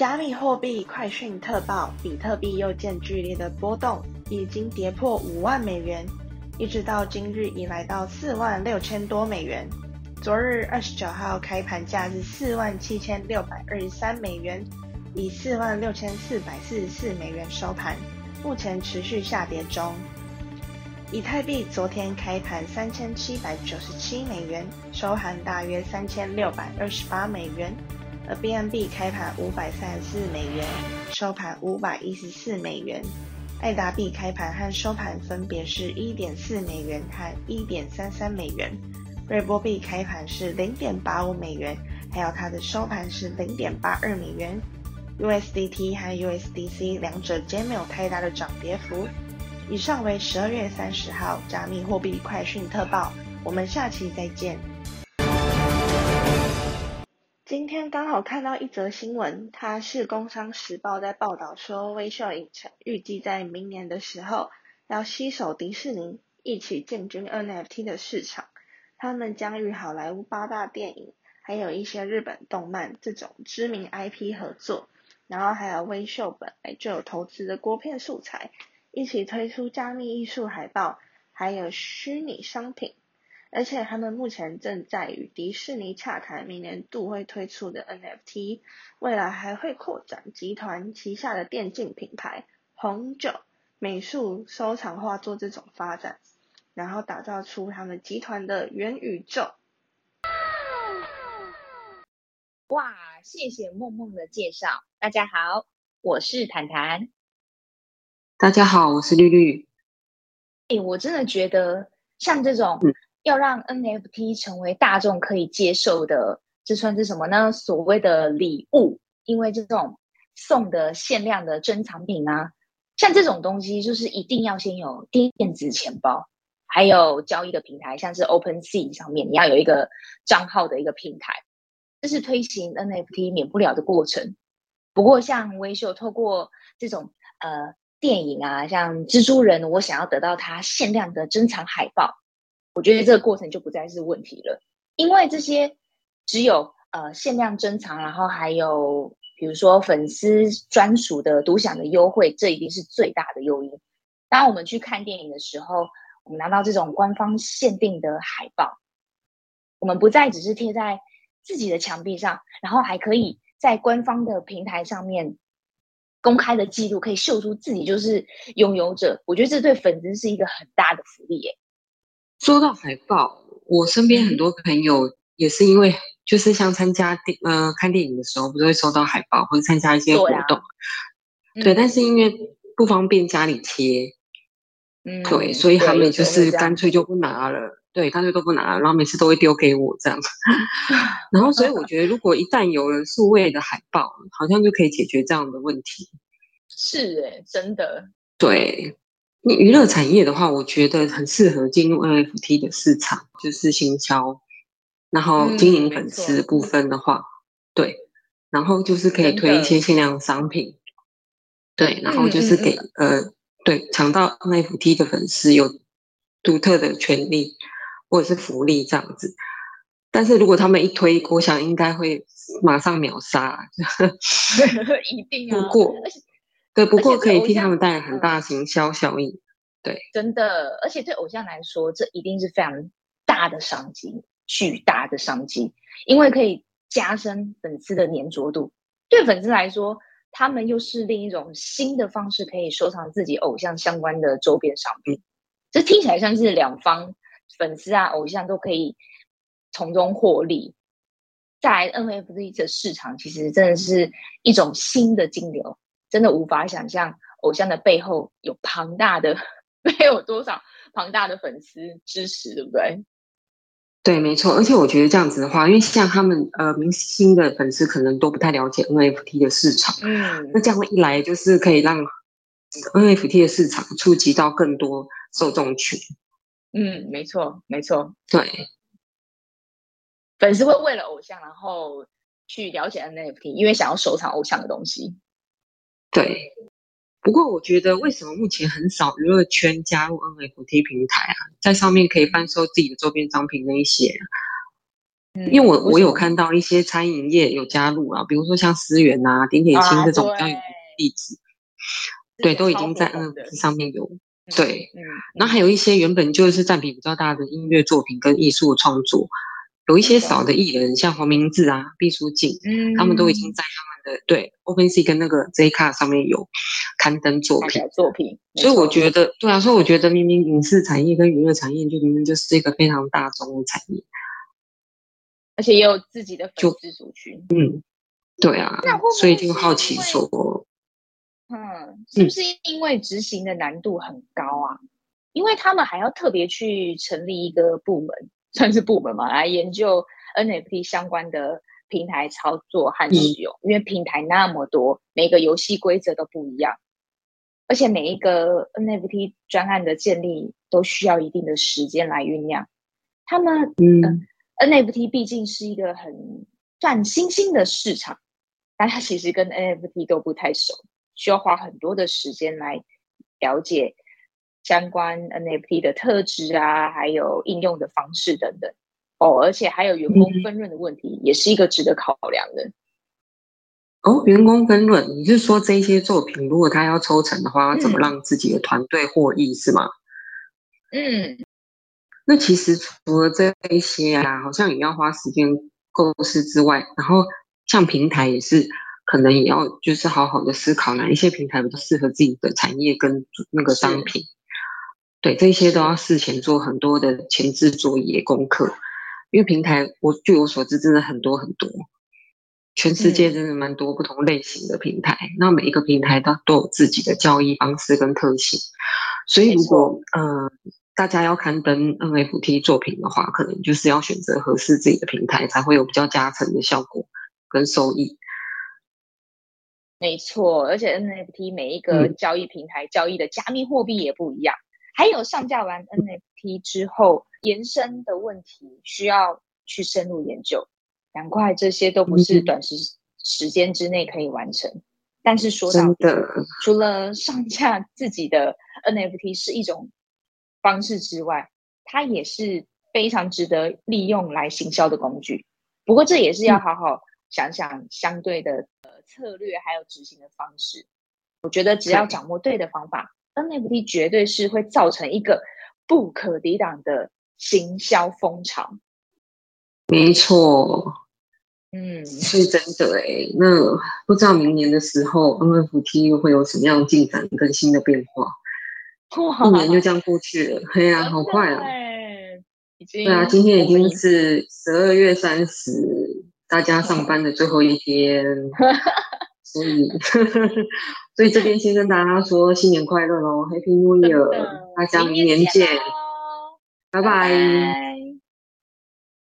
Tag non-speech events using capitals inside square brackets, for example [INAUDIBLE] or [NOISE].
加密貨幣快訊特報：比特幣又見劇烈的波動，已經跌破五萬美元，一直到今日已來到四萬六千多美元。昨日二十九號開盤價是四萬七千六百二十三美元，以四萬六千四百四十四美元收盤，目前持續下跌中。以太幣昨天開盤三千七百九十七美元，收盤大約三千六百二十八美元。而 BNB 開盤五百三十四美元，收盤五百一十四美元。愛達幣開盤和收盤分別是一點四美元和一點三三美元。瑞波幣開盤是零點八五美元，還有它的收盤是零點八二美元。USDT 和 USDC 兩者皆沒有太大的漲跌幅。以上為十二月三十號加密貨幣快訊特報，我們下期再見。今天剛好看到一則新聞，它是《工商時報》在報道說，威秀影城預計在明年的時候要攜手迪士尼一起進軍 NFT 的市場。他們將與好萊塢八大電影，還有一些日本動漫這種知名 IP 合作，然後還有威秀本來就有投資的國片素材，一起推出加密藝術海報，還有虛擬商品。而且他們目前正在與迪士尼洽談，明年度會推出的 NFT，未來還會擴展集團旗下的電競品牌、紅酒、美術、收藏畫作這種發展，然後打造出他們集團的元宇宙。哇，謝謝孟孟的介紹。大家好，我是坦坦。大家好，我是綠綠。哎，我真的覺得像這種、嗯要讓 NFT 成為大眾可以接受的，這算是什麼呢？所謂的禮物，因為這種送的限量的珍藏品啊，像這種東西，就是一定要先有電子錢包，還有交易的平台，像是 OpenSea 上面，你要有一個賬號的一個平台，這是推行 NFT 免不了的過程。不過像，像威秀透過這種呃電影啊，像蜘蛛人，我想要得到它限量的珍藏海報。我覺得這個過程就不再是問題了，因為這些只有呃限量珍藏，然後還有比如說粉絲專屬的、獨享的優惠，這一定是最大的誘因。當我們去看電影的時候，我們拿到這種官方限定的海報，我們不再只是貼在自己的牆壁上，然後還可以在官方的平台上面公開的記錄，可以秀出自己就是擁有者。我覺得這對粉絲是一個很大的福利耶、欸。說到海報，我身邊很多朋友也是因為就是像參加電是呃看電影的時候，不是會收到海報，或者參加一些活動，對，啊、對。嗯、但是因為不方便家裡貼，嗯，對，所以他們就是乾脆就不拿了，對，對，乾脆都不拿了，然後每次都會丟給我這樣。 [LAUGHS] 然後所以我覺得，如果一旦有了數位的海報，好像就可以解決這樣的問題。是哎，真的。對。你娛樂產業的話，我覺得很適合進入 NFT 的市場，就是行銷，然後經營粉絲部分的話，嗯、對，然後就是可以推一些限量商品，嗯、對，然後就是給呃，嗯、對，搶到 NFT 的粉絲有獨特的權利或者是福利這樣子。但是如果他們一推，我想應該會馬上秒殺，嗯、 [LAUGHS] 一定要，不過。對，不過可以替他們帶來很大行銷效益。對、嗯，真的，而且對偶像來說，這一定是非常大的商機，巨大的商機，因為可以加深粉絲的粘着度。對粉絲來說，他們又是另一種新的方式，可以收藏自己偶像相關的周邊商品。這、嗯、聽起來像是兩方粉絲啊，偶像都可以從中獲利。在 NFT 這市場，其實真的是一種新的金流。真的無法想象，偶像的背後有龐大的，沒有多少龐大的粉絲支持，對不對？對，沒錯。而且我覺得這樣子的話，因為像他們呃，明星的粉絲可能都不太了解 NFT 的市場，嗯，那這樣一來就是可以讓 NFT 的市場觸及到更多受眾群。嗯，沒錯，沒錯，對。粉絲會為了偶像，然後去了解 NFT，因為想要收藏偶像的東西。對，不過我覺得為什麼目前很少娛樂圈加入 NFT 平台啊，在上面可以販售自己的周邊商品那一些、嗯、因為我為我有看到一些餐飲業有加入啊，比如說像思源吶、啊、點點青這種比較有地址，啊、對，對都已經在 NFT 上面有對。嗯嗯、然後還有一些原本就是占比比較大的音樂作品跟藝術創作。有一些少的藝人，吧像黃明志啊、畢書盡嗯，他們都已經在他們的對《OpenSea、嗯》跟那個《J 卡》上面有刊登作品、嗯、作品。所以我覺得，嗯、對啊，所以我覺得明明影視產業跟娛樂產業就明明就是一個非常大眾的產業，而且也有自己的粉絲族群。嗯，對啊。所以就好奇說，嗯，是不是因為執行的難度很高啊？嗯、因為他們還要特別去成立一個部門。算是部門嘛，來研究 NFT 相關的平台操作和使用，嗯、因為平台那麼多，每個遊戲規則都不一樣，而且每一個 NFT 專案的建立都需要一定的時間來醞釀。他們，嗯、呃、，NFT 畢竟是一個很嶄新的市場，大家其實跟 NFT 都不太熟，需要花很多的時間來了解。相關 NFT 的特質啊，還有應用的方式等等哦，而且還有員工分潤的問題，嗯、也是一個值得考量的哦。員工分潤，你就是說這些作品如果他要抽成的話，要怎麼讓自己的團隊獲益、嗯、是嗎？嗯，那其實除了這一些啊，好像也要花時間構思之外，然後像平台也是可能也要就是好好的思考哪、啊、一些平台比較適合自己的產業跟那個商品。對，這些都要事前做很多的前置作業功課，是因為平台，我據我所知，真的很多很多，全世界真的蠻多不同類型的平台。嗯、那每一個平台都都有自己的交易方式跟特性，所以如果錯呃大家要刊登 NFT 作品的話，可能就是要選擇合適自己的平台，才會有比較加成的效果跟收益。沒錯，而且 NFT 每一個交易平台、嗯、交易的加密貨幣也不一樣。還有上架完 NFT 之後延伸的問題，需要去深入研究。難怪這些都不是短時時間之內可以完成。但是說真的，除了上架自己的 NFT 是一種方式之外，它也是非常值得利用來行銷的工具。不過這也是要好好想想相對的呃策略，還有執行的方式。我覺得只要掌握對的方法。嗯那 NFT 絕對是會造成一個不可抵擋的行銷風潮，沒錯，嗯，是真的誒、欸，那不知道明年的時候 NFT 又會有什麼樣進展跟新的變化？哦、一年就這樣過去了，哎呀、哦，嘿啊、好快啊！已經，對啊，今天已經是十二月三十，大家上班的最後一天。嗯 [LAUGHS] 所以呵呵，所以這邊先跟大家說新年快樂哦，Happy New Year！大家明年見，哦，拜拜。